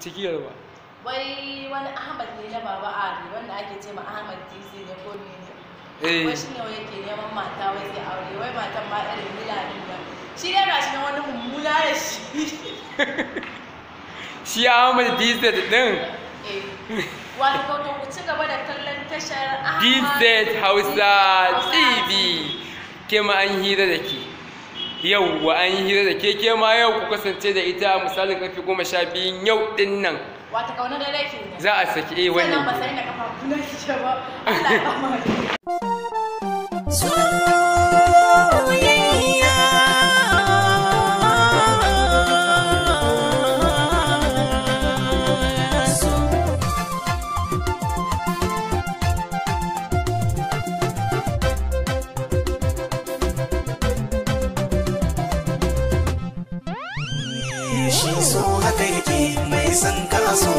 cikiyar ba wai wani ahmad ne na baba ari wanda ake ce ma ahmad dc ne ko ne? Eh. wai shi ne wai ke neman mata wai zai aure wai matan ma irin milanin ba shi ba shi na wani mummuna da shi shi ahmad dc din eh. wato ku ci gaba da kallon tashar ahmad dc hausa tv ke an hira da ke yau wa an yi hira da keke ma yau ku kasance da ita misalin karfe goma sha biyun yau din nan wata kauna da laifin za a saki eh wani sannan ba sai da kafa kuna ki ce ba Allah ya ba shi so haka yake mai san ka so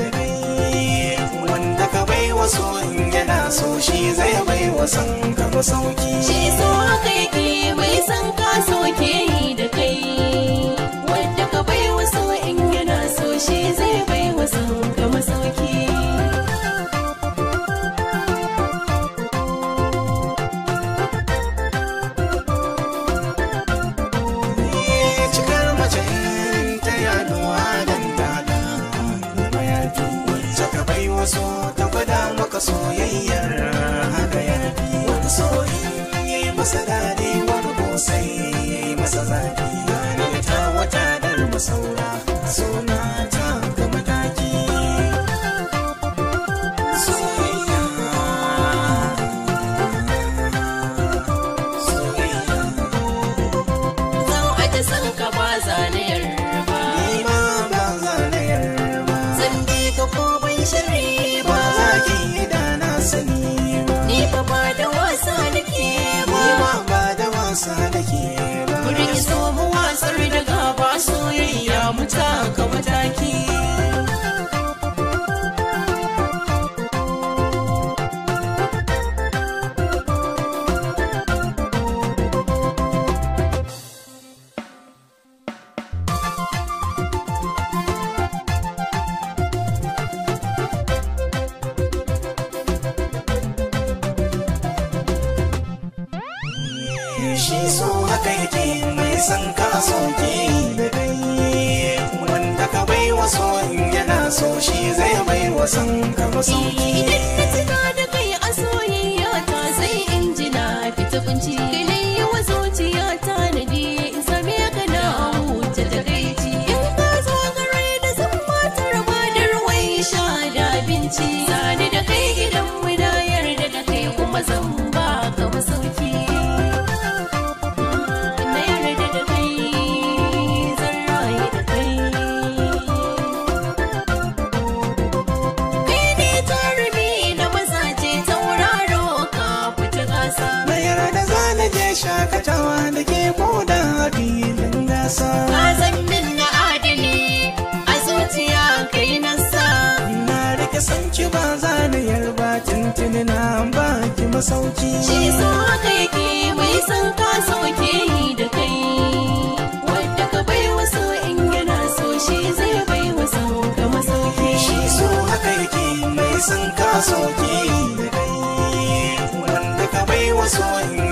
da kai wanda ka bai wa so in yana so shi zai bai wa san ka masauki shi so haka yake mai san ka so da kai wanda ka bai wa so in yana so shi zai yarfi saka bai wasu ta gwada maka soyayyar haka yarfi wani soyi masa dadi sani shi so haka yake mai san ka so ke da dai wanda ka bai wa so yana so shi zai bai wa san ka masauki idan na tuna da kai a soyayya ta sai in na fita kunci ganin yawa zuciya ta na biye in same ka na huta da gaici in ka zo gare da zan matar ba da ruwan sha da abinci kai gidan mu da da kai kuma zan adilin gasa Azan min na adili a zuciya kai nasa Na rike san ci ba za ni yarba tuntuni na ba ki masauki Shi so haka yake mai san ka sauke ni da kai Wanda ka bai wasu in yana so shi zai bai wasu ka masauki Shi so haka yake mai san ka sauke ni da kai Wanda ka bai wasu in so shi zai masauki.